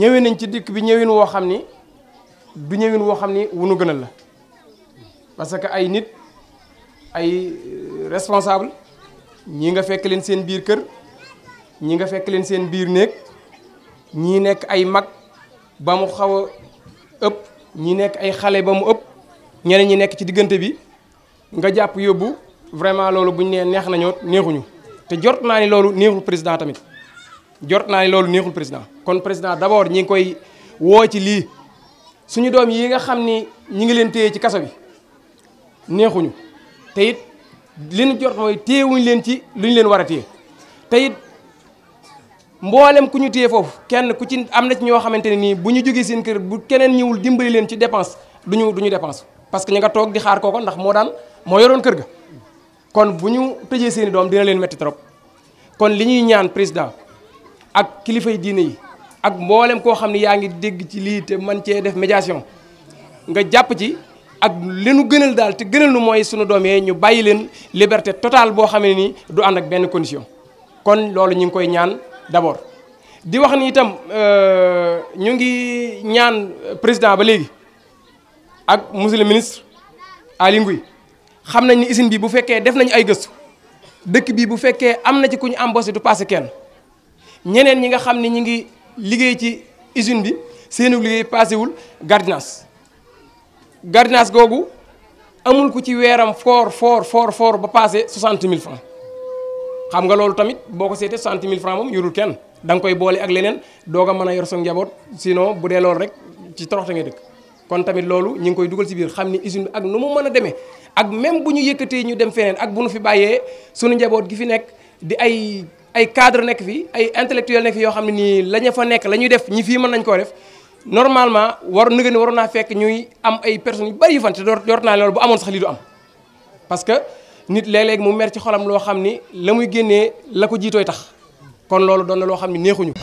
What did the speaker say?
ñëwee nañ ci dikk bi ñëwin woo xam ni du ñëwin woo xam ni wunu gëna la parce que ay nit ay euh, responsable ñi nga fekk leen seen biir kër ñi nga fekk leen seen biir néeg ñi nekk ay mag ba mu xaw a ëpp ñi nekk ay xale ba mu ëpp ñeneen ñi nekk ci diggante bi nga jàpp yóbbu vraiment loolu bu ñu nee neex nañoo neexuñu te jot naa ni loolu neexul président tamit jot naa ni loolu neexul président kon président d'abord ñi ngi koy woo ci lii suñu doom yi nga xam ni ñi ngi leen téye ci kaso bi neexuñu te it li ñu jot mooy téyewuñu leen ci lu ñu leen war a téye te it mboolem ku ñu téye foofu kenn ku ci am na ci ñoo xamante ne nii bu ñu jógee seen kër bu keneen ñëwul dimbali leen ci dépense duñu duñu dépense parce que ñu nga toog di xaar kooko ndax moo daan moo yoroon kër ga kon bu ñu tëjee seeni doom dina leen metti trop kon li ñuy ñaan président ak kilifay diine yi ak mboolem koo xam ne yaa ngi dégg ci lii te man cee def médiation nga jàpp ci ak li nu gënal daal te gënal nu mooy sunu doom yee ñu bàyyi leen liberté totale boo xam ne ni du ànd ak benn condition kon loolu ñu ngi koy ñaan d'abord di wax ni itam euh, ñu ngi ñaan président ba léegi ak monsieur ministre Aly Ngouille xam nañ ni usine bi bu fekkee def nañu ay gëstu dëkk bi bu fekkee am na ci ku ñu embauché du passé kenn ñeneen ñi nga xam ne ñi ngi liggéey ci usine bi seenu liggéey passewul gardiennage gardiennage googu amul ku ci weeram foor foor foor foor ba passé 60 000 francs xam nga loolu tamit boo ko seetee 60 000 francs moom yurul kenn da nga koy boole ak leneen doo ko mën a yor sa njaboot sinon bu dee loolu rek ci toroxte ngay dëkk kon tamit loolu ñu ngi koy dugal ci biir xam ni usine ak nu mu mën a demee ak même bu ñu yëkkatee ñu dem feneen ak bu nu fi bàyyee suñu njaboot gi fi nekk di ay ay cadre nekk fi ay intellectuel nekk fi yoo xam ne nii lañu fa nekk la ñuy def ñi fii mën nañ koo def normalement war na gën waroon naa fekk ñuy am ay personnes yu bari yu fan te door naa loolu bu amoon sax lii du am parce que nit léeg-léeg mu mer ci xolam loo xam ni la muy génnee la ko jiitooy tax kon loolu doon na loo xam ne neexuñu